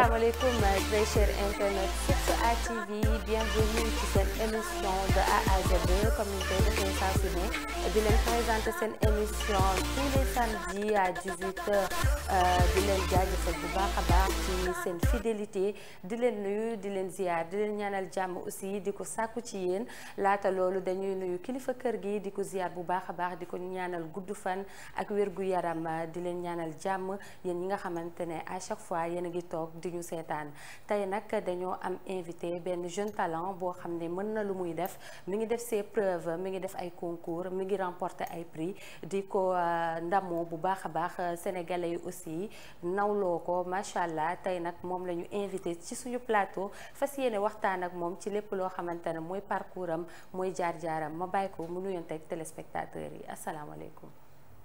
asalaamaaleykum très chers internautes ATV bienvenue ci seen émission de A à Z comme ni ne di leen présenter seen émission tous les samedis à 18 euh, leen jaajëfal bu baax a baax ci seen fidélité di leen nuyu di leen ziar di leen ñaanal jàmm aussi di ko sàkku ci yéen laata loolu dañuy nuyu kilifa kër gi di ko ziar bu baax a baax di ko ñaanal gudd fan ak wér gu yaram di leen ñaanal jàmm yéen ñi nga xamante ne à chaque fois yéen a ngi toog di ñu seetaan tey nag dañoo am invité benn jeune talent boo xam ne mën na lu muy def mu ngi def ses preuves mi ngi def ay concours mi ngi remporter ay prix di ko euh, ndamo bu baax a baax euh, sénégalais yi aussi nawloo ko macha allah tey nag moom la ñu invité ci suñu plateau fas yéene waxtaan ak moom ci lépp loo xamante ne mooy parcours am mooy jaar-jaaram ma bàyyi ko mu nuyoon teg téléspectateurs yi asalaamaaleykum.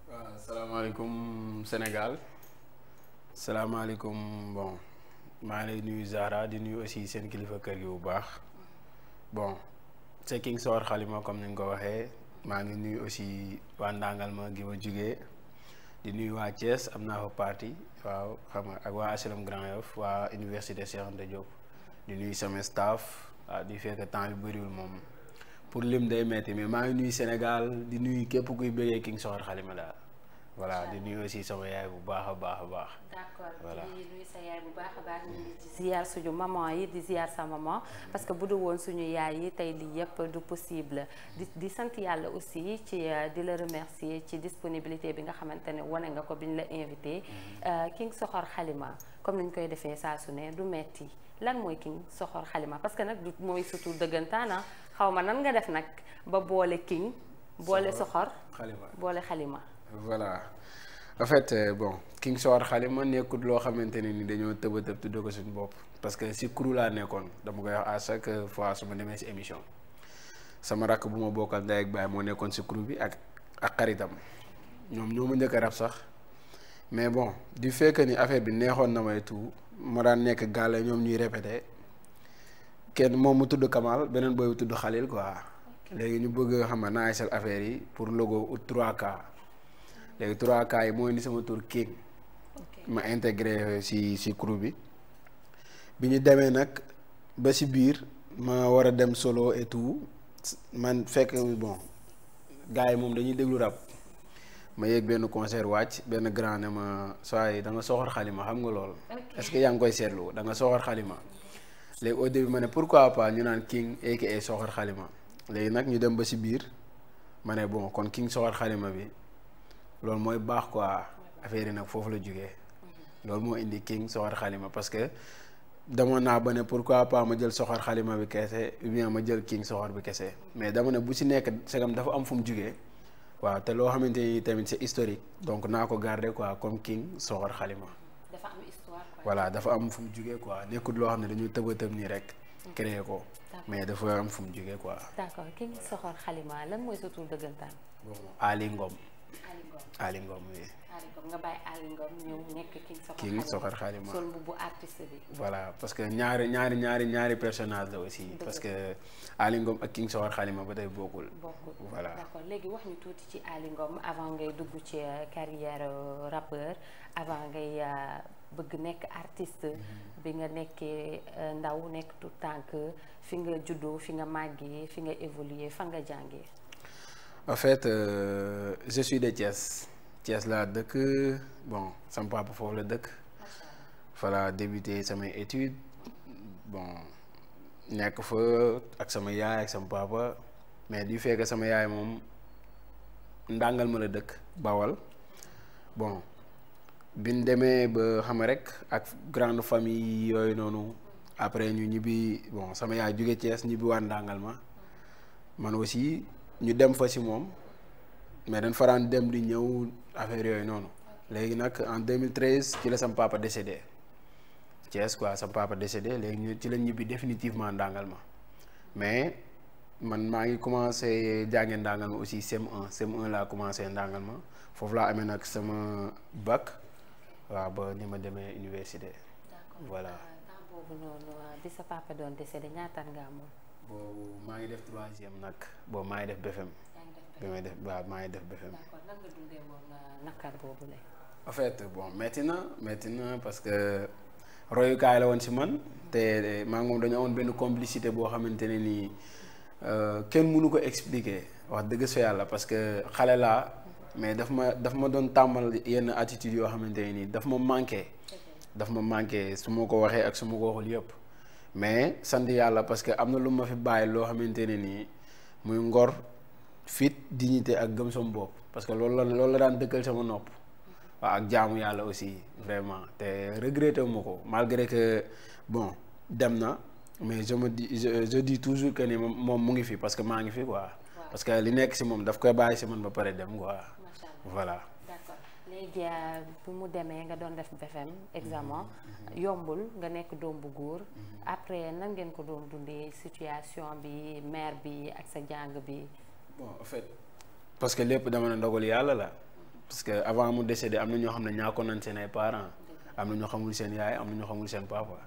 waaw asalaamaaleykum Sénégal. asalaamaaleykum bon. maa lay nuyu Zara di nuyu aussi seen kilifa kër gi bu baax bon c'est King Soor Xalima comme ni nga ko waxee maa ngi nuyu aussi waa Ndangal ma gi ma jugee di nuyu waa Thiès am naa fa parti waaw xam nga ak waa HLM Grand Yoff waa université Cheikh Anta di nuyu sama staff waaw di fekk temps bi bëriwul moom pour lim day metti mais maa ngi nuyu Sénégal di nuyu képp kuy bëggee King Soor Xalima daal. voilà di nuyu aussi sama yaay bu baax a baax a baax. d'accord ñu ngi suñu maman yi di ziar sa maman mm-hmm. parce que bu du woon suñu yaay yi tey lii yëpp du possible di di sant yàlla aussi ci euh, di la remercier ci disponibilité bi nga xamante ne wane nga ko bi ñu la invité. Mm-hmm. Euh, King Soxor Xalima comme ni ñu koy defee saa su ne du metti lan mooy King Soxor Xalima parce que nag mooy surtout dëggantaana ah. xaw ma nan nga def nag ba boole King. boole Soxor Xalima boole Xalima. voilà en fait euh, bon King Sohar ma nekkut loo xamante ne ni dañoo tëb a tëb tuddee ko suñu bopp parce que si crew laa nekkoon dama koy a à chaque fois su ma demee si émission sama rakk bu ma bokkal ndey ak baay moo nekkoon si crew bi ak ak xaritam ñoom ñoo ma njëkk a rab sax mais bon di fekk ni affaire bi neexoon na may tout ma daan nekk gàlle ñoom ñuy répété kenn moom mu tudd Kamal beneen booy bu tudd Xalil quoi léegi ñu bëgg xam nga naajsal affaire yi pour logo ou 3K. léegi trois cas yi mooy ni sama tour King ma intégré euh, si si crew bi bi ñu demee nag ba si biir ma war a dem solo et tout man fekk bon gars yi moom dañuy déglu rap ma yéeg benn concert wàcc benn grand ne ma saa yi da nga soxor xalima xam nga lool est-ce que yaa ngi koy seetlu da nga soxor xalima léegi au début ma ne pourquoi pas ñu naan King aka soxor xalima léegi nag ñu dem ba si biir ma ne bon kon King soxor xalima bi loolu mooy baax quoi affaire yi nag foofu la jógee loolu moo indi king soxor xalima parce que dama naa ba ne pour quoi pas ma jël soxor xalima bi kese ou bien ma jël king soxor bi kese mais dama ne bu si nekk segam dafa am fu mu jógee waaw te loo xamante ni tamit c'est historique donc naa ko garder quoi comme king soxor xalima. dafa dafa am fu mu jógee quoi nekkul loo xam ne dañuy tëb tëb nii rek. Mm. créé ko mais dafa am fu mu jógee quoi. d'accord king soxor xalima lan mooy Ali Ngom oui. Ali nga bàyyi Ali ñëw nekk King Soxor Xaali sol bu artiste bi. voilà parce que ñaari ñaari ñaari ñaari personnage la aussi. parce que alingom Ngom ak King Soxor Xaali ba tey bokkul. voilà d'accord léegi wax ñu tuuti ci Ali avant ngay dugg ci euh, carrière euh, rappeur avant ngay euh, bëgg nekk artist mhm. bi nga nekkee ndaw nekk tout tànk fi nga juddoo fi nga màggee fi nga évoluer fa nga jàngee. en fait euh, je suis de Thiès Thiès laa dëkk bon sama papa foofu la dëkk voilà débuté samay études bon nekk fa ak sama yaay ak sama papa mais du fait que sama yaay moom ndàngal ma la dëkk bawal bon bi ñu demee ba xam rek ak grande famille yooyu noonu après ñu ñibbi bon sama yaay jóge Thiès ñibbi waa ndàngal ma man aussi. ñu dem fa si moom mais dañ faraan dem di ñëw affaire yooyu noonu léegi nag en 2013 ci la sama papa décédé Thiès quoi sam papa décédé léegi ñu ci la ñibbi définitivement ndàngal ma mais man maa ngi commencé jàngee ndàngal aussi cm en CM1 laa commencé ndàngal ma foofu laa amee nag sama bac waaw ba ni ma demee université. voilà. Euh, boobu maa ngi def troisième nag boobu maa ngi def BFM. bi may def waaw maa ngi def BFM. d'accord nan nga euh, boobu la. en fait bon métti na métti na parce que royukaay la woon si man. te maa ngi moom dañu amoon benn complicité boo xamante ne nii euh, kenn mënu ko expliquer wax dëgg soo yàlla parce que xale laa. mais daf ma daf ma doon tàmbal yenn attitude yoo xamante ne nii daf ma manqué. daf ma manqué su ma ko waxee ak su ma ko waxul yëpp. mais sant yàlla parce que am na lu ma fi bàyyi loo xamante ne nii muy ngor fit dignité ak gëm sama bopp parce que loolu la loolu la daan dëkkal sama nopp waaw ak jaamu yàlla aussi vraiment te regretté ma ko malgré que bon dem na mais je me dis je, je toujours que ni moom mu ngi fi parce que maa ngi fi quoi. parce que li nekk si moom daf koy bàyyi si man ba pare dem quoi. voilà. média bu mu demee nga doon def BFM examen mhm, mhm. yombul nga nekk doom bu góor mhm. après nan ngeen ko doom dundee situation bi mère bi ak sa jàng bi parce que lépp dama ne ndogal yàlla la parce que avant mu décédé am na ñoo xam ne ñaakoon nañ seen ay parents am na ñu xamul seen yaay am na ñoo xamul seen papa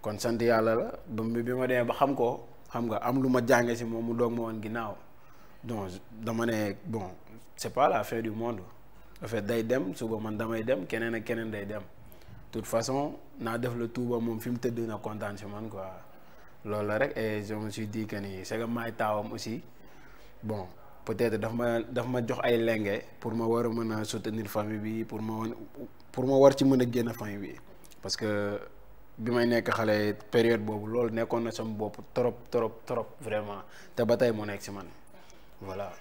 kon sant yàlla la ba bi ma demee ba xam ko xam nga am lu ma jànge si moom mu doog ma woon ginnaaw donc dama ne bon c'est pas la fin du monde en fait day dem suba man damay dem keneen ak keneen day dem toute façon naa def le tout ba moom fi mu tëdd na kontaan si man quoi loolu la rek e je me suis dit que ni c'est que maay taawam aussi bon peut-être daf ma daf ma jox ay lenge pour ma war a mën a soutenir famille bi pour ma pour ma war ci mën a génn famille bi parce que bi may nekk xale période boobu loolu nekkoon na sama bopp trop trop trop vraiment te ba tey mu nekk si man voilà.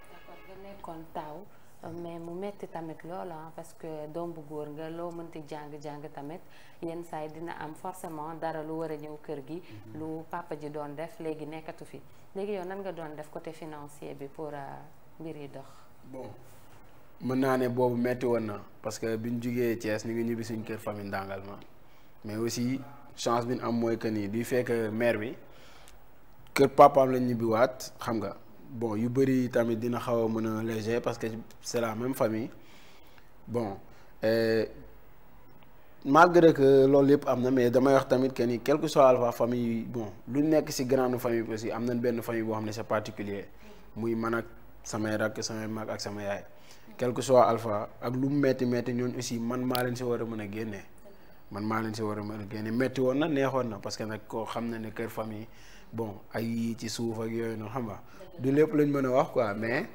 mais mu metti tamit loola ah, parce que doom bu góor nga loo mënti jàng-jàng tamit yenn saa yi dina am forcément dara lu war a ñëw kër gi mhm. lu papa ji doon def léegi nekkatu fi léegi yow nan nga doon def côté financier bi pour a ah, mbir yi dox mën naa ne boobu metti woon na parce que bi ñu jugee Thiès ñu ngi ñibbi suñ kër famille Ndangal ma mais aussi chance bi nu am mooy que ni du fait que bi kër papaam la ñibbiwaat xam nga bon yu bëri tamit dina xaw a mën a léger parce que c'est la même famille bon euh, malgré que loolu yëpp am na mais damay wax tamit que ni quel que soit alpha famille bon lu nekk ci grande famille aussi am nañ benn famille boo xam ne sa particulier muy man ak samay rakk samay mag ak sama yaay quel que soit alpha ak lu mu metti metti ñoon aussi man maa leen si war a mën a génne man maa leen ci war a mën a génne metti woon na neexoon na parce que nag koo xam na ne kër famille bon ay yi ci suuf ak yooyu noonu xam nga du lépp lañ mën a wax quoi mais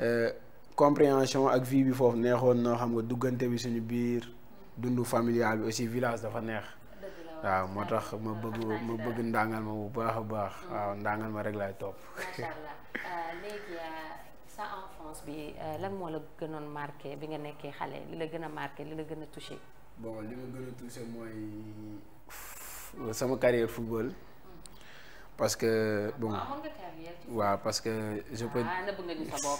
euh, compréhension ak vie bi foofu neexoon na xam nga duggante bi suñu biir dundu familial bi aussi village dafa neex waaw moo tax ma bëgg ma bëgg ndàngal ma bu baax a baax waaw ndàngal ma rek laay topp. macha allah euh, léegi euh, moo la gënoon marqué bi nga nekkee xale li la gën a marqué li la gën a touché. li ma gën a touché mooy sama carrière football. parce que bon ah, waaw parce que je ah,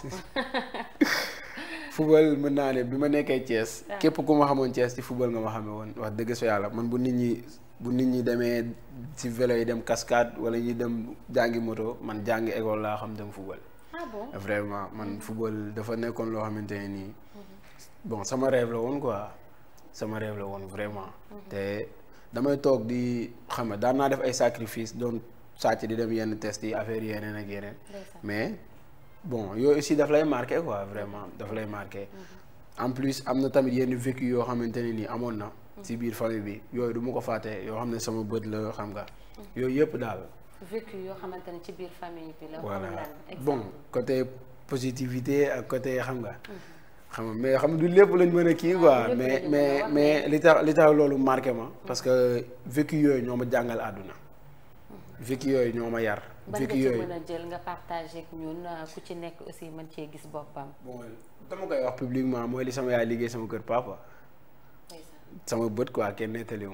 football mën naa ne bi ma nekkee Thiès ah. képp ku ma xamoon Thiès ci football nga ma xamee woon wax dëgg sa yàlla man bu nit ñi bu nit ñi demee ci velo yi dem cascade wala ñuy dem jàngi moto man jàngi école laa xam dem football ah vraiment man mhm. football dafa nekkoon loo xamante ne nii mhm. bon sama rêve la woon quoi sama rêve la woon vraiment mhm. te damay toog di xam ne daan naa def ay sacrifice doon sàcc di dem yenn test yi affaire yeneen ak yeneen. mais bon yooyu aussi daf lay marqué quoi vraiment daf lay marqué. Mm-hmm. en plus am na tamit yenn vécu yoo xamante ni nii amoon na. Mm-hmm. ci biir famille bi yooyu du ma ko fàtte yoo xam ne sama bët la xam nga. Mm-hmm. yooyu yëpp daal. vécu yoo xamante ci biir famille bi la. voilà bon côté positivité ak côté xam nga. xam nga mais xam du lépp lañ mën a kii quoi ah, mais mais mais li tax li tax loolu marqué ma. parce que vécu yooyu ñoo ma jàngal àdduna. vécu yooyu ñoo ma yar. vécu yooyu ban nga ci mën a jël nga partagé ak ñun ah, ku ci nekk aussi mën cee gis boppam. mooy li sama yaay liggéey sama kër papa. sama bët quoi kenn nettaliwu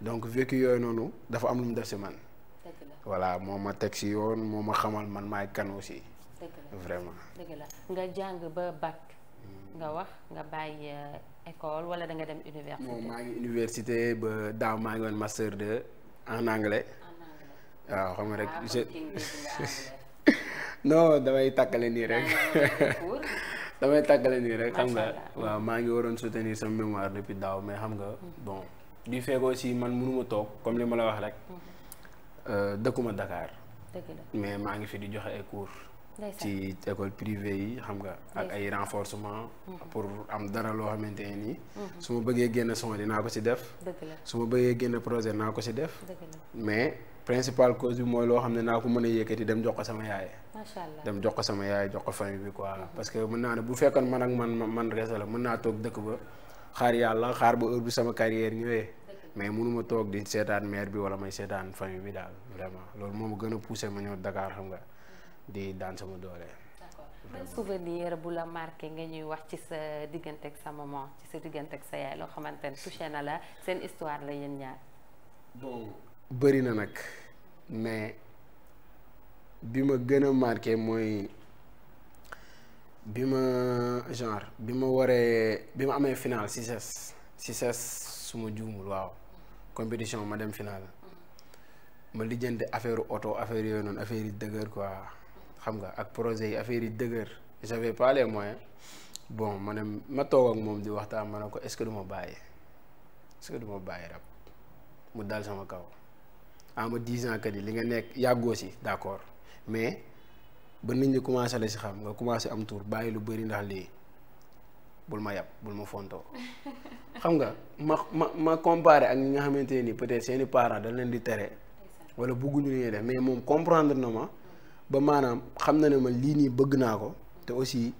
donc vécu yooyu noonu dafa am lu mu def si man. voilà moo ma teg si yoon moo ma xamal man maay kan aussi. vraiment. nga jàng ba bac. Hmm. nga wax nga bàyyi euh, école wala da nga dem université. ba daaw maa ngi woon master 2 en anglais. waaw ah, xam nga rek ah, je damay takkale nii rek damay tàkkale nii rek xam nga waaw maa ngi waroon soutenir sama mémoire depuis daaw mais xam nga mhm. bon du fekk aussi man mënuma toog comme li ma la wax rek mhm. euh, dëkkuma Dakar mais maa ngi fi di joxe ay cours ci école privée yi xam nga ak ay renforcement mhm. pour am dara loo xamante ne nii su ma bëggee génn son dinaa ko si def su ma bëggee génn projet naa ko si def mais principale cause bi mooy loo xam ne naa ko mën a yëkkati dem jox ko sama yaay. macha allah dem jox ko sama yaay jox ko famille bi quoi. parce que mën naa ne bu fekkoon man ak man man rese la mën naa toog dëkk ba xaar yàlla xaar ba heure bi sama carrière ñëwee. mais mënuma toog di seetaan maire bi wala may seetaan famille bi daal loolu moom gën a poussé ma ñëw Dakar xam nga di daan sama doole. souvenir bu la marqué nga ñuy wax ci sa diggante ak sa maman ci sa diggante ak sa yaay loo xamante bëri na nag mais bi ma gën a marqué mooy bi ma genre bi ma waree bi ma amee final si ses si ses su ma juumul waaw compétition ma dem final ma lijjanti affaire oto affaire yooyu noonu affaire yi dëgër quoi xam nga ak projet yi affaire yi dëgër j'avais pas les moyens bon ma ne ma toog ak moom di waxtaan ma ne ko est-ce que du ma bàyyi est-ce que du ma bàyyi rab mu dal sama kaw. am dix ans kat yi li nga nekk yàggoo si d'accord mais ba nit ñi commencé la si xam nga commencé am tour bàyyi lu bëri ndax lii bul ma yàpp bul ma fontoo xam nga ma ma ma comparé ak ñi nga xamante ne ni peut-être seeni parent dañ leen di tere wala bëgguñu li ñuy def mais moom comprendre na ma ba maanaam xam na ne ma lii nii bëgg naa ko te aussi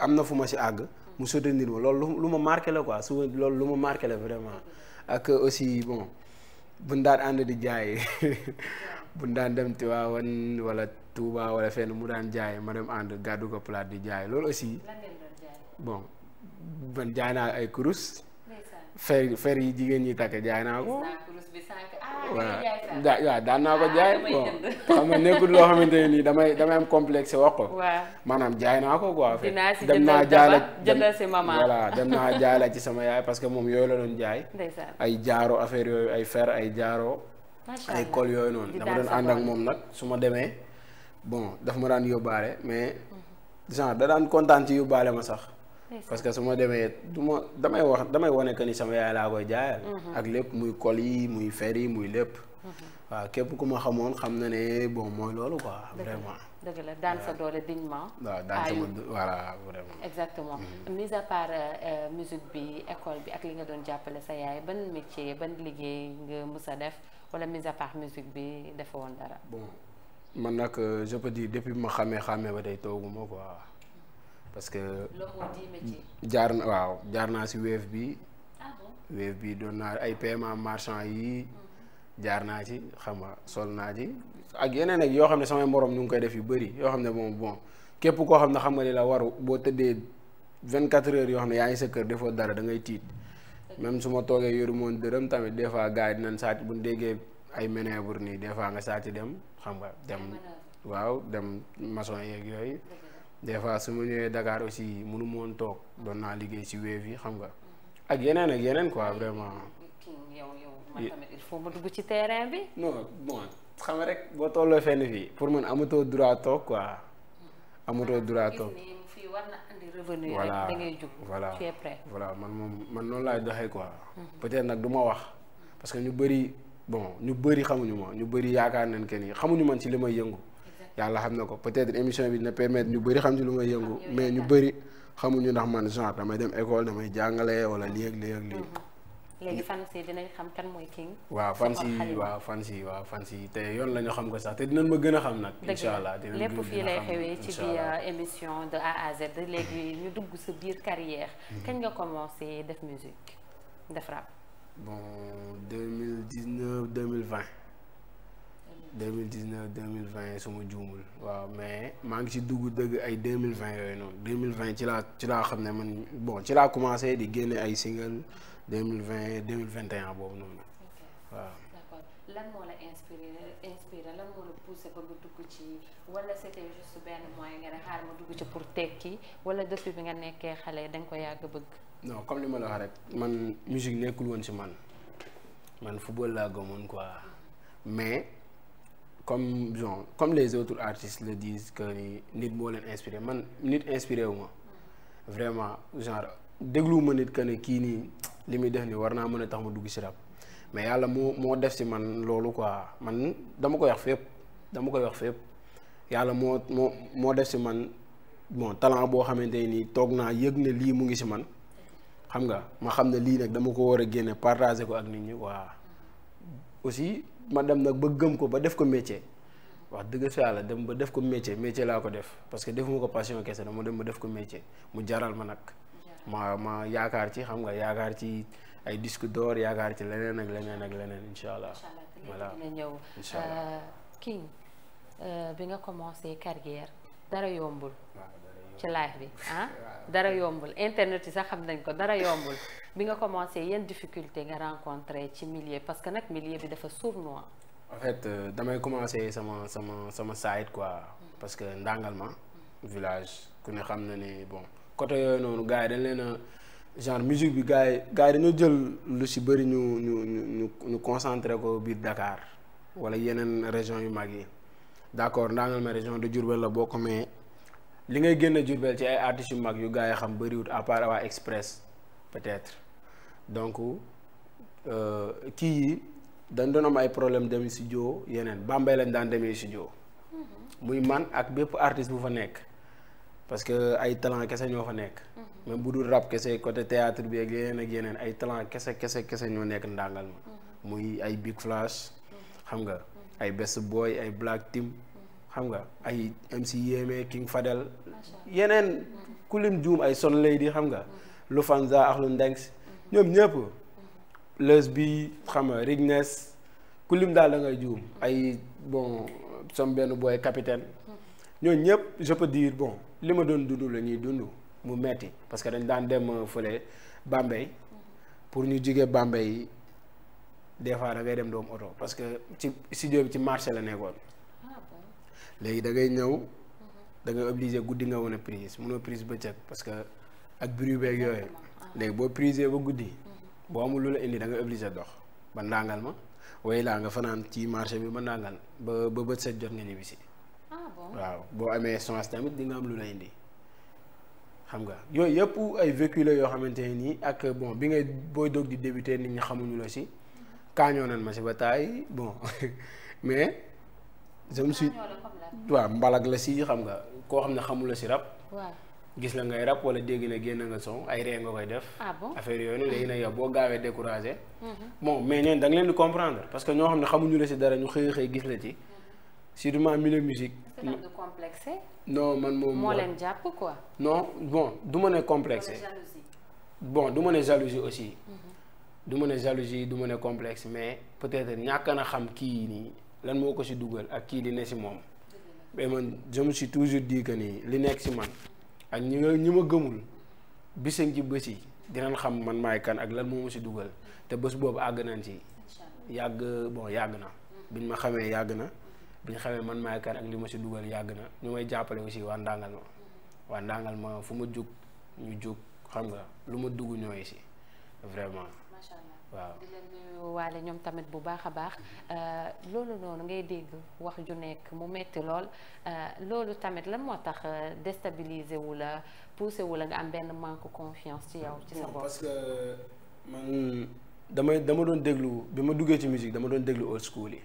am na fu ma si àgg mu mm. soutenir ma loolu lu ma marqué la quoi souvent loolu lu ma marqué la vraiment mm. buñ daan ànd di jaay buñ daan dem Tiwaawan wala Touba wala fenn mu daan jaay ma dem ànd gàddu ko plat di jaay loolu aussi bon man jaay naa ay kurus fer fer yi jigéen ñi takk jaay naa ko waaw daan naa ko ah, jaay bon xam nga nekkul loo xamante ne nii damay damay am complexe wax ko maanaam jaay naa ko quoi dem naa jaala jëndal si maman voilà dem naa jaala ci sama yaay parce que moom yooyu la doon jaay ay jaaro affaire yooyu ay fer ay jaaro ay col yooyu noonu dama doon ànd ak moom nag su ma demee bon daf ma daan yóbbaale mais genre mhm. da daan kontaan ci yóbbaale ma sax parce que su ma demee du ma damay wax damay wane que ni sama yaay laa koy jaayal. Mhm. ak lépp muy kol yi muy fer yi muy lépp. Mhm. waaw képp ku ma xamoon xam na ne bon mooy loolu quoi. vraiment dëgg la daan sa doole dignement. waaw daan sama voilà mhm. euh, bi école bi ak li nga doon jàppale sa yaay ban métier ban liggéey nga mus a def wala mise part musique bi defe woon dara. man nag euh, je peux dire depuis ma xamee xamee ba tey tooguma quoi. parce que jaar na waaw jaar naa si weef bi ah Wave bi doon naa ay paiement marchand yi mhm. jaar naa ci xam nga sol naa ci ak yeneen ak yoo xam ne samay morom ñu ngi koy def yu bëri yoo xam ne moom bon képp koo xam ne xam nga li la waru boo tëddee vingt quatre heures yoo xam ne yaa ngi sa kër defoo dara da ngay tiit même su ma toogee yoru moon dërëm tamit des fois gars yi dinañ sàcc bu ñu déggee ay manœuvre nii des fois nga sàcc dem xam nga dem waaw dem maçon yeeg yooyu des fois su ma ñëwee Dakar aussi mënu moon toog doon naa liggéey si wéef yi xam nga ak yeneen ak yeneen quoi vraiment. yow ma dugg ci terrain bi. non bon xam nga rek boo tolloo fenn fii pour man amatoo droit toog quoi amatoo ah, droit toog. fii war na andi revenu rek da ngay jug. voilà man moom man noonu laay doxee quoi. Mhm. peut-être nag du wax parce que ñu bëri bon ñu bëri xamuñu ma ñu bëri yaakaar nañ que xamuñu man ci li may yëngu. yàlla xam na ko peut-être émission bi dina permettre ñu bëri xam ci lu may yëngu mais ñu bëri xamuñu ndax man genre damay dem école damay jàngale wala lii ak lii ak lii. Mm-hmm. léegi fans dinañ xam kan mooy king. waaw fans yi waaw fans yi waaw fans te yoon la ñu xam ko sax te dinañ ma gën a xam nag. incha allah dinañ lépp fii lay xewee ci biir euh, émission de A à Z léegi ñu dugg sa biir carrière. Mm-hmm. kañ nga commencé def musique def rap. bon mille dix neuf mille vingt deux mille dix neuf deux mille vingt su ma waaw mais maa ngi ci dugg dëgg ay deux mille vingt yooyu noonu deux mille vingt ci laa ci laa xam ne man bon ci laa commencé di génne ay single deux mille vingt deux mille vingt et un boobu noonu waaw. lan moo la inspiré inspiré lan moo la poussé ba dugg ci wala c'était juste benn moyen nga ne xaar ma dugg ci pour tekki wala depuis bi nga nekkee xale da ko yàgg bëgg. non comme li ma la wax man musique nekkul woon si man man football laa gëmoon quoi ah. mais. comme genre comme les autres artistes le diis que ni nit moo leen inspiré man nit inspiré wu ma vraiment genre dégluwuma nit que ne kii nii li muy def nii war naa mën a tax ma dugg si rab mais yàlla moo moo def si man loolu quoi man dama koy wax fépp dama koy wax fépp yàlla moo moo moo def si man bon talent boo xamante nii toog naa yëg ne lii mu ngi si man xam nga ma xam ne lii nag dama ko war a génne partager ko ak nit ñi waa aussi ma dem nag ba gëm ko ba def ko métier wax dëgg fa yàlla dem ba def ko métier métier laa ko def parce que defuma ko passion kese dama dem ba def ko métier mu jaral ma nag. ma ma yaakaar ci xam nga yaakaar ci ay disque door yaakaar ci leneen ak leneen ak leneen incha allah. voilà incha allah euh, King euh, bi nga commencé carrière dara yombul. ci live bi ah dara yombul internet yi sax xam nañ ko dara yombul bi nga commencé yan difficulté nga rencontré ci milieu parce que nag milieu bi dafa sournois. en fait euh, damay commencé sama sama sama site quoi parce que Ndangalma village ku ne xam na ni bon côté yooyu noonu gars yi dañ leen a genre musique bi gars yi gars jël lu si bëri ñu ñu ñu ñu concentré ko biir dakaar wala yeneen région yu mag yi d' accord Ndangalma région de Diourbel la bokk mais li ngay génn Jurbel ci ay artistes yu mag yu gars yi xam bëriwut à part waa express peut-être donc euh, kii yi dañ doon am ay problème dem studio yeneen Bambey lañ daan demee studio mm-hmm. muy man ak bépp artiste bu fa nekk parce que ay talent kese ñoo fa nekk mm-hmm. même bu dul rap kese côté théâtre bi ak yeneen ak yeneen ay talent kese kese kese ñoo nekk ndàngal ma mm-hmm. muy ay Big Flash xam nga ay Best Boy ay Black Team xam nga ay MC Yéeme King Fadel yeneen mm-hmm. ku juum ay son lay di xam nga lu Fanza ak lu ñoom ñëpp mm-hmm. lës bi xam nga Rignes ku lim daal da juum mm-hmm. ay bon som benn booy capitaine ñooñu ñëpp je peux dire bon li ma doon dund la ñuy dund mu metti parce que dañ daan dem euh, fële Bambey pour ñu jigee Bambey des fois da ngay dem doom oto parce que ci studio bi ci marché la nekkoon léegi da ngay ñëw da nga obligé guddi nga wane prise mënoo prise bëccëg parce que ak bruit beeg yooyu léegi boo priser ba guddi boo amul lu la indi da nga obligé dox ba ndàngal ma way laa nga fanaan ci marché bi ba ndàngal ba ba bët set jot nga si ah waaw boo amee chance tamit di nga am lu la indi xam nga yooyu yëpp ay vécu la yoo xamante ne nii ak bon bi ngay booy doog di débuter nit ñi xamuñu la si kaañoo nan ma si ba taay bon mais je me waaw mbalak la si xam nga koo xam ne xamula si rab. waaw gis la ngay rab wala dégg na génn nga son ay ree nga koy def. ah bon affaire yooyu léegi nag yow boo gaawee découragé. Mm-hmm. bon mais ñoom danga leen di comprendre parce que ñoo xam ne xamuñu la si dara ñu xëy xëy gis la ci. Mm-hmm. surtout ma milieu musique. complexe. man moom moo leen jàpp ko non bon du ma ne complexe. bon du ma ne jalousie aussi. Mm-hmm. du ma ne jalousie du ma ne complexe mais peut-être ñàkk na xam kii nii lan moo ko si dugal ak kii di ne si moom. mais man je me suis toujours dit que ni li nekk si man ak ñi nga ñi ma gëmul bisañ ji bés yi dinañ xam man maay kan ak lan moo ma si dugal te bés boobu àgg nañ ci yàgg bon yàgg na bi ñu ma xamee yàgg na biñ xamee man maay kan ak li ma si dugal yàgg na ñu may jàppale aussi waa ndàngal ma waa ndàngal ma fu ma jóg ñu jóg xam nga lu ma dugg ñooy si vraiment waaw waale ñoom tamit bu baax a baax euh, loolu noonu ngay dégg wax ju nekk mu metti lool euh, loolu tamit lan moo tax euh, déstabiliser wu la poussé wu la nga am benn manque confiance ci yow ci sa bopp parce que damay dama doon déglu bi ma duggee ci musique dama doon déglu old school yi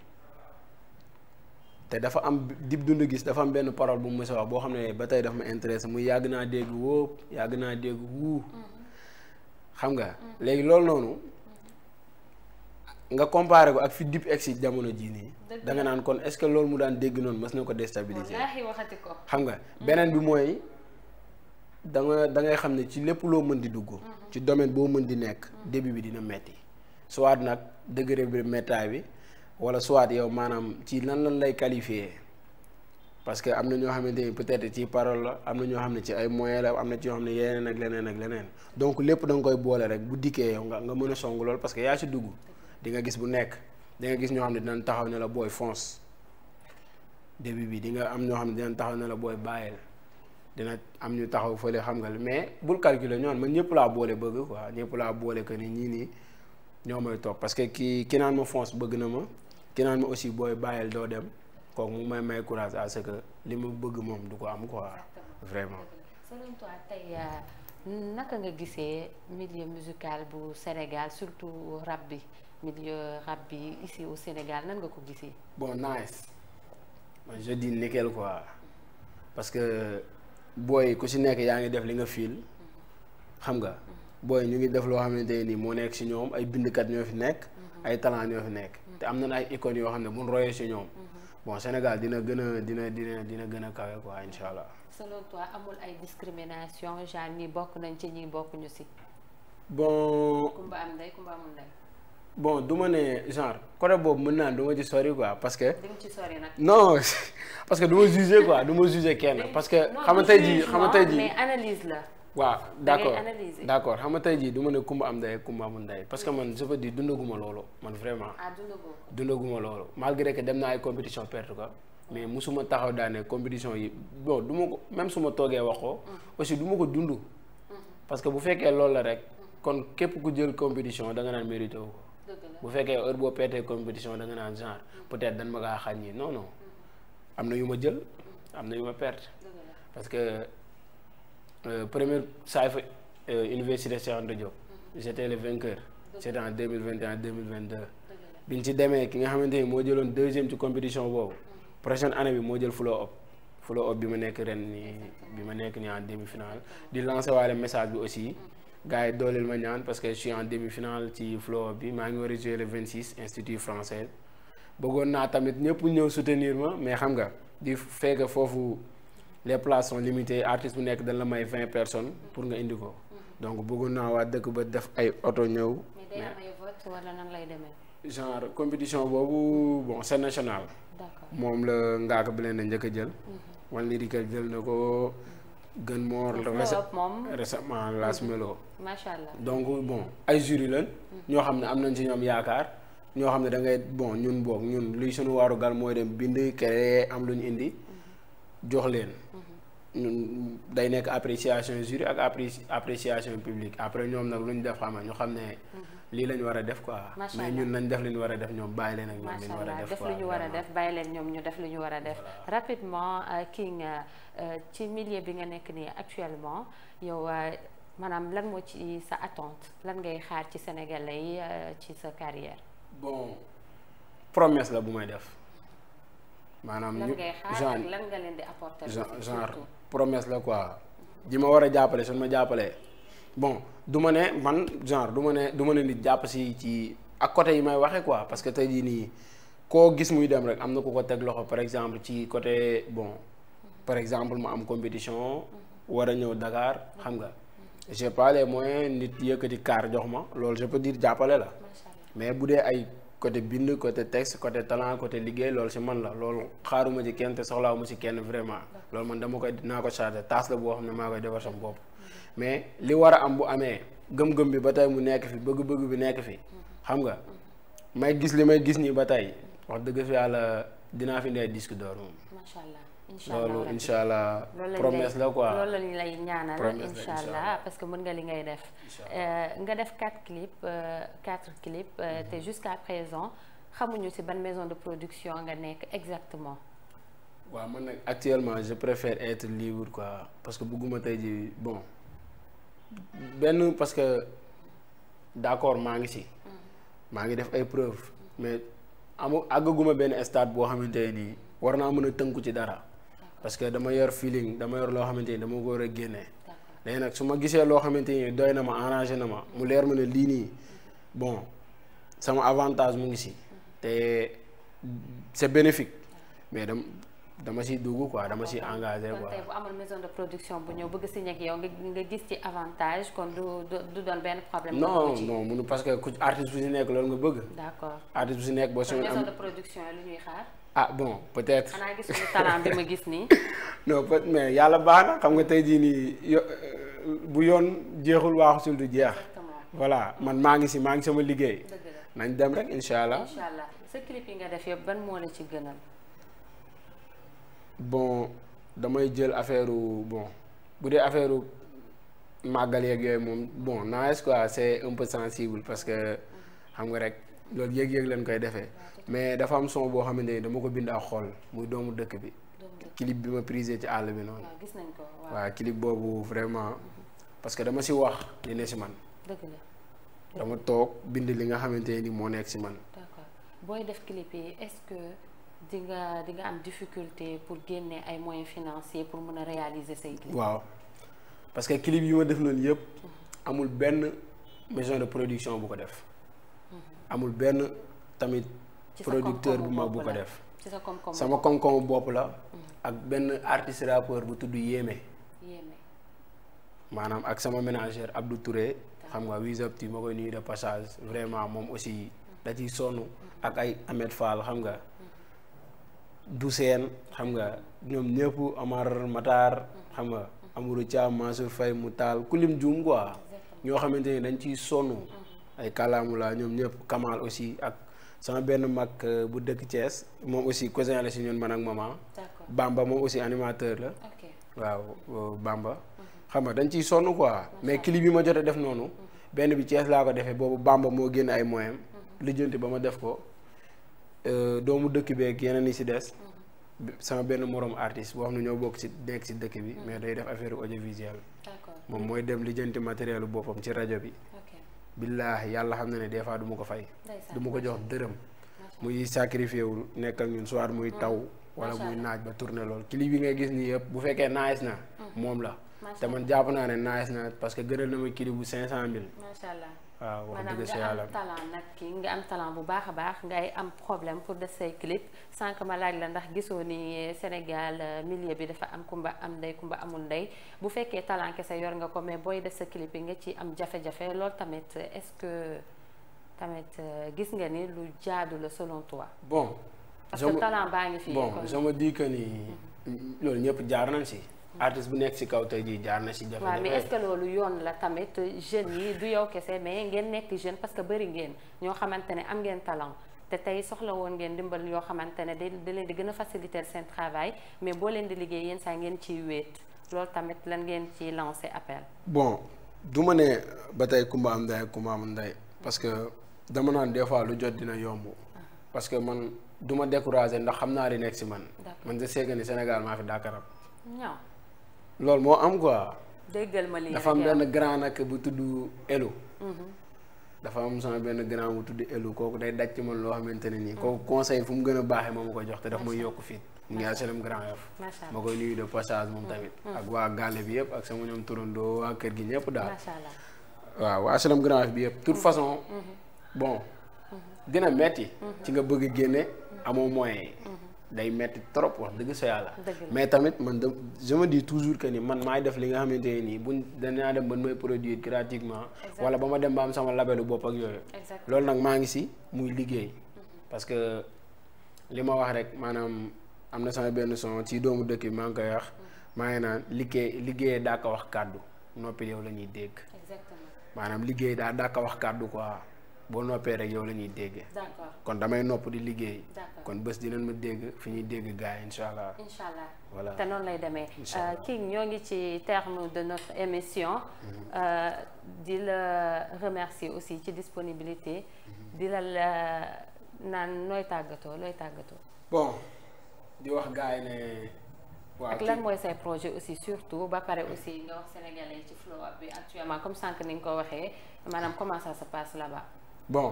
te dafa am dib dund gis dafa am benn parole bu mu mës a wax boo xam ne ba tey daf ma intéressé mu yàgg naa dégg wóop yàgg naa dégg wuu mm-hmm. xam nga mm-hmm. léegi loolu noonu nga comparé ko ak fi dip egg si jamono jii nii. da nga naan kon est-ce que loolu mu daan dégg noonu mës na ko déstabiliser. wallaahi waxati ko. xam nga beneen bi mooy da nga da ngay xam ne ci lépp loo mën di dugg. Mhm. ci domaine boo mën di nekk. Mhm. début bi dina metti soit nag degré bi méttaay bi wala soit yow maanaam ci lan lan lay qualifier parce que am na ñoo xamante ni peut-être ci parole la am na ñoo xam ne ci ay moyen la am na ci ñoo xam ne yeneen ak leneen ak leneen donc lépp da nga koy boole rek bu dikkee yow nga nga a song lool parce que yaa ci dugg. di nga gis bu nekk di gis ñoo xam ne dinañ taxaw ne la booy fonce début bi di nga am ñoo xam ne dinañ taxaw ne la booy bàyyil dina am ñu taxaw fële xam nga mais bul calculer ñoon ma ñëpp laa boole bëgg quoi ñëpp laa boole que ni ñii nii ñoo may topp parce que ki ki naan ma fonce bëgg na ma ki naan ma aussi booy bàyyil doo dem kook mu may may courage à que li ma bëgg moom du ko am ko vraiment. selon toi tey euh, naka nga surtout rap bi. milieu rap bi ici au Sénégal nan nga ko gisee. bon nice man je dis nickel quoi parce que booy ku si nekk yaa ngi def li nga fiil xam nga booy ñu ngi def loo xam ne nii moo nekk si ñoom ay bindkat ñoo fi nekk. ay talent ñoo fi nekk. te am nañ ay icônes yoo xam ne bu ñu royee si ñoom. bon Sénégal dina gën a dina dina dina gën a kawe quoi incha allah. selon toi amul ay discrimination genre ñi bokk nañ ci ñi bokk ñu si. bon bon du ma ne genre côté boobu mën naa du ma ci sori quoi parce que. du ma ci sori nag. non parce que du ma juger quoi du ma juger kenn parce que. xam nga tey jii xam nga tey jii mais analyse la. waaw d' accord d' accord xam nga tey jii du ma ne kumba am ndey kumba amul ndey parce que man je veux dire dundaguma loolu man vraiment. ah dundaguma loolu. malgré que dem naa ay compétition perte quoi mais musuma taxaw daane compétition yi bon du ma ko même su ma toogee wax ko mm. aussi du ma ko dund. Mm. parce que bu fekkee loolu la rek. kon képp ku jël compétition da nga naan mérité wu ko. bu fekkee heure boo peetee compétition da nga naan genre peut-être dañ ma kaa xañ ñi non non am na yu ma jël am na yu ma perte parce que euh, première saa fa euh, université Cheikh Anta Diop j'étais le vainqueur c'était en 2021 2022 biñ ci demee ki nga xamante ni moo jëloon deuxième ci compétition boobu prochaine année bi moo jël flow up flow up bi ma nekk ren nii bi ma nekk nii en demi finale di lancer message bi aussi gars yi dooleel ma ñaan parce que je suis en demi-finale ci flow bi maa ngi war a jouer le 26 institut français bëggoon naa tamit ñëpp ñëw soutenir ma mais xam nga di fekk foofu les places sont limitées artiste bu nekk dañ la may vingt personnes pour nga indi ko donc bëggoon naa waa dëkk ba def ay oto ñëw. mais genre compétition boobu bon national. moom la Ngaaka na njëkk a jël. Mhm. One Lyrical jël na ko. gën moor récemment Las Melo macha allah donc bon ay jury lañ ñoo xam ne am nañ ci ñoom yaakaar ñoo xam ne da ngay bon ñun boog ñun luy suñu waarugal mooy dem bind créer am lu ñu indi jox leen ñun day nekk appréciation jury ak appréciation publique après ñoom nag lu ñu def xama ñu xam ne lii lañ war a def ko mais ñun nañ def li ñu war a def ñoom bàyyi leen ak ñoom li ñu a def quoi def lu ñu war def bàyyi leen ñoom euh, euh, ci milieu bi nga nekk nii actuellement yow euh, maanaam lan moo ci sa attente lan ngay xaar ci sénégalais yi euh, ci sa carrière. bon promesse la bu may def. maanaam lan ngay lan nga leen di apporter. genre promesse la quoi. ji ma war a jàppale suñ ma jàppalee bon du ma ne man genre du ma ne du ma ne nit jàpp si ci ak côté yi may waxee quoi parce que tey jii nii koo gis muy dem rek am na ku ko teg loxo par exemple ci côté bon par exemple ma am compétition mhm. war a ñëw Dakar mhm. xam nga. j'ai mooy les nit yëkkati kaar jox ma lool je peux jàppale la mais bu dee ay côté bind côté texte côté talent côté liggéey loolu si man la loolu xaaruma ci kenn te soxlaawu ma si kenn vraiment loolu man dama koy dinaa ko chargé taas la boo xam ne maa koy defar sama bopp mais li war a am bu amee gëm-gëm bi ba tey mu nekk fi bëgg-bëgg bi nekk fi xam nga may gis li may gis nii ba tey wax dëgg fi yàlla dinaa fi ndee disque d'or moom. loolu incha allah promesse la quoi loolu la lay ñaanal incha parce que mën nga li ngay def eh, nga def quatre clips euh, quatre clips euh, mhm. te jusqu'à présent xamuñu ci ban maison de production nga nekk exactement waaw man nag actuellement je préfère être libre quoi parce que bëgguma tey ji bon benn parce que d'accord maa ngi ci mhm. maa ngi def ay preuve mais amu àggaguma benn stade boo xamante nii war naa mën a tënku ci dara parce que dama yor feeling dama yor loo xamante ni dama ko war a génne. léegi nag su ma gisee loo xamante ni doy na ma arrangé na ma mu leer ma ne lii nii bon sama avantage mu ngi si te c'est bénéfique mais dama dama si dugg quoi dama si engagé quoi. tey bu amoon maison de production bu ñëw bëgg signé ak yow nga gis ci avantage kon du du doon benn problème. parce que ku artiste bu si nekk loolu nga bëgg. d'accord si nekk boo. soo am maison de production lu ñuy xaar. ah bon peut-être. xanaa gis nii. peut mais yàlla baax na xam nga tey jii nii yo euh, bu yoon jeexul waaxusul du jeex. voilà man maa ngi si maa ngi sama liggéey. nañ dem rek incha allah. sa clip yi nga def yëpp ban moo la ci gënal. bon damay jël affaire bon bu dee affaire màggal yeeg yooyu moom bon naa est-ce c'est un peu sensible parce que mm-hmm. xam nga rek loolu yëg-yëg leen koy defee. mais dafa am son boo xamante ni dama ko bind ak xol muy doomu dëkk bi. clip bi ma priser ci àll bi noonu. waaw gis waaw. waaw boobu vraiment parce que dama si wax li ne si man. dama toog bind li nga xamante ni moo nekk si man. booy def clip yi est-ce que di nga di nga am difficulté pour génne ay moyens financiers pour mën a réaliser say clip. waaw parce que clip yi ma def noonu yëpp mhm. amul benn maison de production bu ko def. Mhm. amul benn tamit. producteur bu mag bu ko def sama koom-koomu bopp la mm-hmm. ak benn artiste rappeur bu tudd Yéeme maanaam ak sama ménagère Abdou Touré xam nga Wizapti ma koy nuyu de passage vraiment moom aussi mm-hmm. da ciy sonn mm-hmm. ak ay Ahmed Fall xam nga Doussène xam nga ñoom ñëpp Amar Matar xam nga Amadou Thiam Mansour mu taal ku lim ñoo xamante ni dañ ciy sonn ay kalaamu la ñoom ñëpp Kamal aussi ak sama benn mag euh, bu dëkk Thiès moom aussi cosin la si ñun man ak maman. Bamba moom aussi animateur la. waaw euh, Bamba. Mhm. xam nga dañ ciy sonn quoi. mais clip yi ma jot def noonu. Mhm. benn bi Thiès laa ko defee boobu bàmba moo génn ay moyens mhm. lijjanti ba ma def ko euh, doomu dëkk beeg yeneen ni si des. sama benn moroom artiste boo xam ne ñoo bokk ci nekk ci dëkk bi mais day def affaire audiovisuelle moom mooy dem lijjanti matériel boppam ci rajo bi. billaahi yàlla xam na ne des fois du ko fay duma ko jox dërëm muy sacrifié wul nekk ak ñun soit muy mm. taw wala muy naaj ba tourné loolu clip bi ngay gis nii yëpp bu fekkee nice na mm. moom la te man jàpp naa ne nice na parce que gënal na ma clip bu cinq cent mille waaw wax dëgg sa yàlla maanaam nga am talent nag kii nga am talent bu baax a baax ngay am problème pour def say clip sànq ma laaj la ndax gisoo ni eh, Sénégal eh, millier bi dafa am kumba am ndey kumba amul ndey bu fekkee talent kese yor nga ko mais booy def sa clip yi nga ci am jafe-jafe loolu tamit eh, est-ce que tamit gis nga ni lu jaadu la selon toi. bon parce que talent baa ngi fi. bon je me dis que ni mm-hmm. loolu ñëpp jaar nañ si. artiste bu nekk si kaw tey jii jaar na si jafe-jafe. waaw yoon la tamit jeunes yi du yow kese mais ngeen nekk jeune parce que bëri ngeen ñoo xamante ne am ngeen te tey soxla woon ngeen dimbal yoo xamante ne da leen di gën a faciliter seen travail mais boo leen di liggéey yéen saa ngeen ciy wéet loolu tamit lan ngeen ci lancer appel. bon du ma ne ba tey kumba am ndey parce que dama des fois lu jot dina yomb. parce que man du ma décourager ndax xam naa li nekk si man. man de seega ni Sénégal maa fi dàkkaram. loolu moo am quoi. déggal ma lii dafa am benn grand nag bu tudd Elo. Mhm. dafa am sama benn grand bu tudd Elo kooku day daj ci loo xamante ne nii. kooku conseil fu mu gën a baaxee moom ma koy jox te daf fii. mu ngi HLM Grand Yoff. de passage moom tamit. Mm, mm. waa gàlle bi yëpp ak sama ñoom turandoo kër gi ñëpp daal. macha waaw waa HLM Grand Yoff bi yëpp. toute mm-hmm. façon mm-hmm. bon mm-hmm. dina metti ci nga bëgg génne amoo moyen yi. day metti trop wax dëgg sa yàlla. mais tamit man de je me toujours que ni man maay def li nga xamante ne nii bu danaa dem ba may produire gratuitement. wala ba ma dem ba am sama labelu bopp ak yooyu. loolu nag maa ngi si muy liggéey. Mm-hmm. parce que li ma wax rek maanaam am na sama benn son ci doomu dëkk bi maa ngi koy wax. Mm-hmm. maa ngi naan liggéey liggéey daa wax kàddu noppi yow la ñuy dégg. maanaam liggéey daa daa ko wax kàddu quoi. boo noppee rek yow la ñuy dégg. d'accord kon damay nopp di liggéey. kon bés dinañ ma dégg fi ñu dégg gars yi incha allah. incha allah voilà te noonu lay demee. Euh, kii ñoo ngi ci terme de notre émission. Mhm. Euh, di la remercier aussi ci disponibilité. Mhm. di la naan nooy tàggatoo looy tàggatoo. bon di wax gars ne. ak lan mooy say projet aussi surtout ba pare aussi nga wax sénégalais ci flow bi actuellement comme sànq ni nga ko waxee maanaam comment sa se passe là bon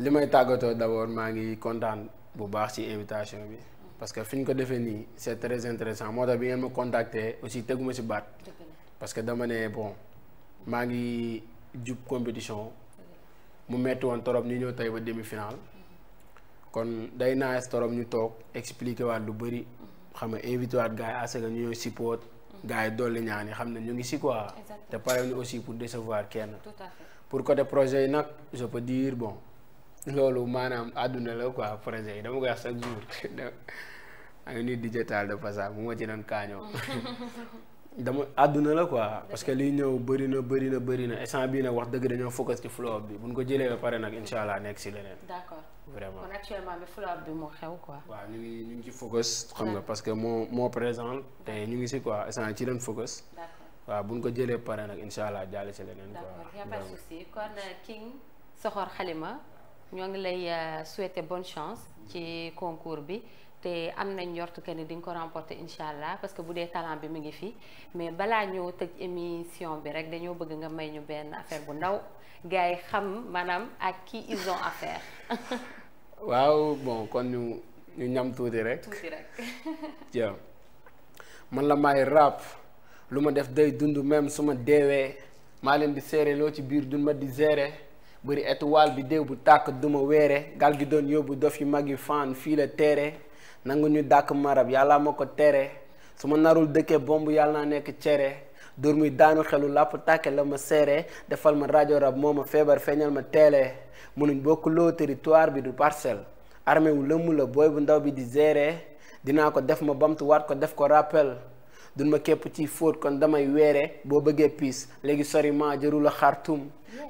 li may tàggatoo d'abord maa ngi kontaan bu baax ci invitation bi parce que fi ñu ko defee nii c'est très intéressant moo tax bi ngeen ma contacter aussi teguma ci baat parce que dama ne bon maa ngi jub compétition mu metti woon torop ñu ñëw tey ba demi-finale kon day naes torop ñu toog expliquer waat lu bëri xam nga invité waat gars yi à ce ñu ñëw support gars yi dolli ñaan yi xam ne ñu ngi ci quoi te pare ñu aussi pour décevoir kenn. pour côté projet yi nag je peux dire bon loolu maanaam àdduna la quoi projet yi dama koy wax chaque jour ay di jotaal de passage bu ma ci doon kaañoo dama àdduna la quoi parce que liy ñëw bëri na bëri na bëri na instant bii nag wax dëgg dañoo focus ci flow bi buñ ko jëlee ba pare nag incha allah nekk si leneen. d'accord vraiment kon flow bi moo xew quoi. waaw ñu ngi ñu ngi ci focus. xam nga parce que moo moo présent te ñu ngi si quoi instant ci leen focus. waaw bu ñu ko jëlee pare nag incha allah jàll ci leneen. d'accord y a pas de kon euh, King Soxor Xalima ñoo ngi lay euh, souhaiter bonne chance ci concours bi. te am nañ njort que ni di nga ko remporter incha allah parce que bu dee talent bi mu ngi fi mais balaa ñëw tëj émission bi rek dañoo bëgg nga may ñu benn affaire bu ndaw gars yi xam maanaam ak qui ils ont affaire. waaw bon kon ñu ñam tuuti rek. tuuti rek. man la may rap. lu ma def day dund même su ma deewee maa leen di seere loo ci biir dun ma di gérer bëri étoile bi déew bu tàkk du ma weere gal gi doon yóbbu dof yu mag yi fan fii la teere nangu ñu dàkk marab yàlla ma ko tere su ma narul dëkkee bomb yàlla naa nekk cere dóor muy daanu làpp tàkke la ma seere defal ma rajo rab moo ma feebar feeñal ma teele mënuñ bokkuloo teritoire bi du parcelle armée wu lëmm la booy bu ndaw bi di gérer dinaa ko def ma bamtuwaat ko def ko rappel duñ ma képp ciy fóot kon damay weere boo bëggee piis léegi sori ma jërul a xartum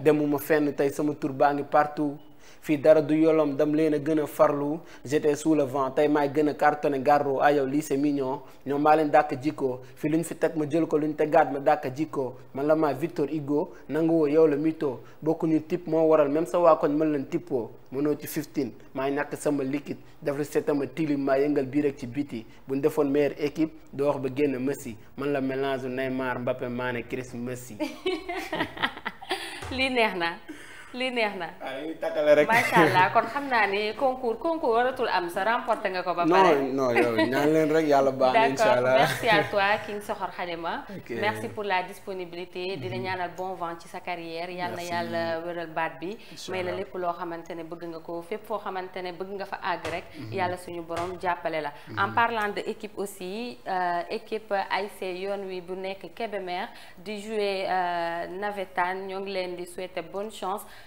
demuma fenn tey sama tur baa ngi partout fii dara du yolom dam leen a gën a farlu j'étais sous le vent tey maay gën a cartonné garro ayow lii c'est mignon ñoom maa leen dàkk jikkoo fi ñu fi teg ma jël ko lu ñu luñ tegaat ma dàkk jikko man la maa Victor Hugo nanguwoo yow la mito bokkuñu type moo waral même sa waa koñ mën leen tippoo mënoo ci 15 maay ñàkk sama liquide def setama tilim maa yëngal bii rek ci biti buñ defoon meilleure équipe doo wax ba génn Messi man la mélange Neymar Mbappé Mané Chris Messi li neex na. Ah, macha kon xam naa ni concours concours waratul am sa remporté nga ko ba pare. non non yow ñaan leen rek yàlla baax na incha allah d'accord merci à toi King Sokhor Khalima. merci pour la disponibilité. dina mhm. ñaanal bon vent ci sa carrière. yàlla na wéral baat bi. may la lépp loo xamante ne bëgg nga ko fépp foo xamante ne bëgg nga fa àgg rek. Mhm. yàlla suñu boroom jàppale la. Mhm. en parlant de équipe aussi euh, équipe ay ASC yoon wi bu nekk Kébémer di jouer euh, navétane ñoo ngi leen di souhaiter bonne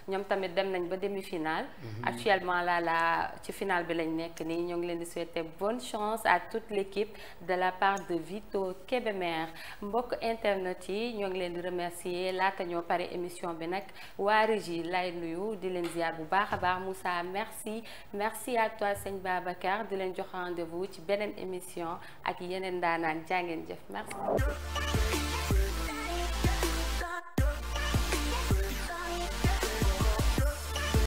ñoom tamit dem nañ ba demi-finale mhm. actuellement là la ci finale bi lañ nekk nii ñoo ngi leen di souhaiter bonne chance à toute l'équipe de la part de Vito Kébémer mbokk internet yi ñoo ngi leen di remercier laata ñoo pare émission bi nag waa régie lay nuyu di leen ziar bu baax a baax Moussa merci merci à toi sëñ Babacar di leen jox rendez ci beneen émission ak yeneen daanaan jàngeen jëf merci